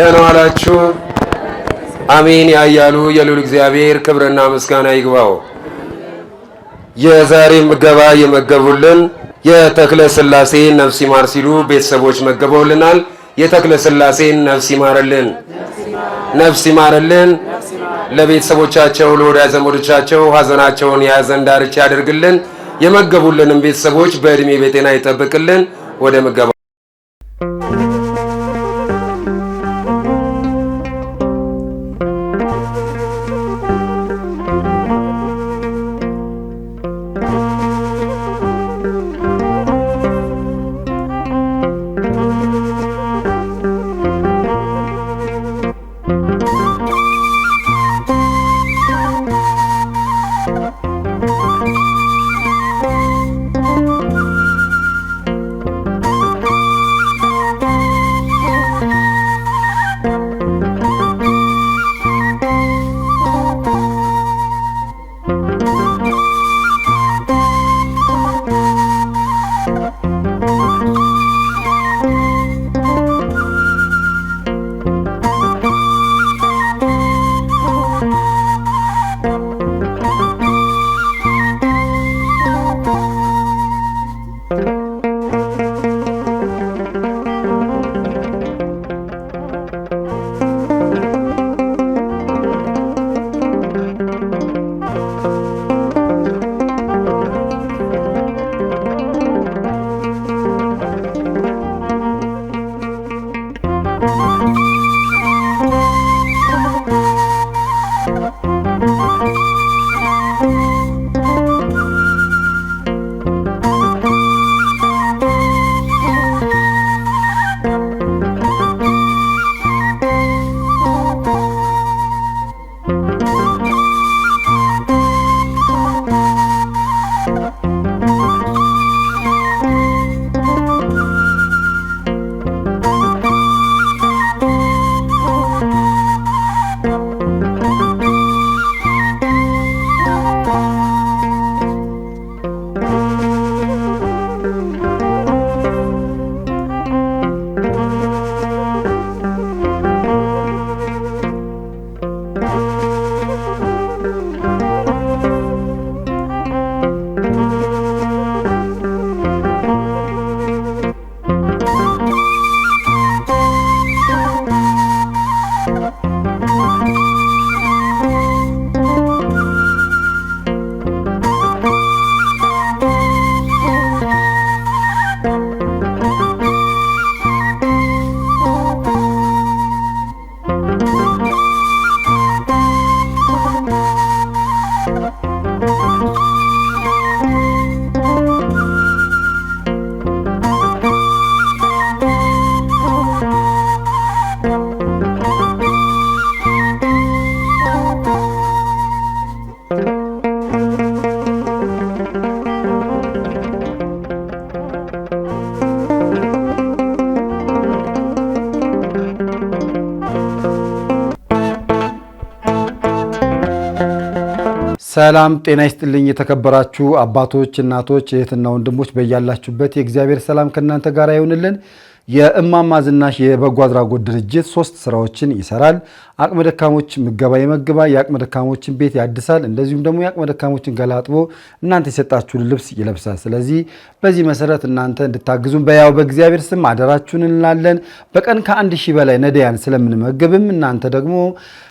ደህና ዋላችሁ። አሜን ያያሉ የሉል እግዚአብሔር ክብርና ምስጋና ይግባው። የዛሬ ምገባ የመገቡልን የተክለ ስላሴ ነፍስ ይማር ሲሉ ቤተሰቦች መገበውልናል። የተክለ ስላሴን ነፍስ ይማርልን፣ ነፍስ ይማርልን። ለቤተሰቦቻቸው ለወዳጅ ዘመዶቻቸው ሀዘናቸውን የያዘን ዳርቻ ያደርግልን። የመገቡልንም ቤተሰቦች በዕድሜ በጤና ይጠብቅልን። ወደ ምገባ ሰላም ጤና ይስጥልኝ። የተከበራችሁ አባቶች፣ እናቶች፣ እህትና ወንድሞች በያላችሁበት የእግዚአብሔር ሰላም ከእናንተ ጋር ይሆንልን። የእማማ ዝናሽ የበጎ አድራጎት ድርጅት ሶስት ስራዎችን ይሰራል። አቅመ ደካሞች ምገባ ይመግባል፣ የአቅመ ደካሞችን ቤት ያድሳል፣ እንደዚሁም ደግሞ የአቅመ ደካሞችን ገላጥቦ እናንተ የሰጣችሁን ልብስ ይለብሳል። ስለዚህ በዚህ መሰረት እናንተ እንድታግዙም በያው በእግዚአብሔር ስም አደራችሁን እንላለን። በቀን ከአንድ ሺህ በላይ ነዳያን ስለምንመገብም እናንተ ደግሞ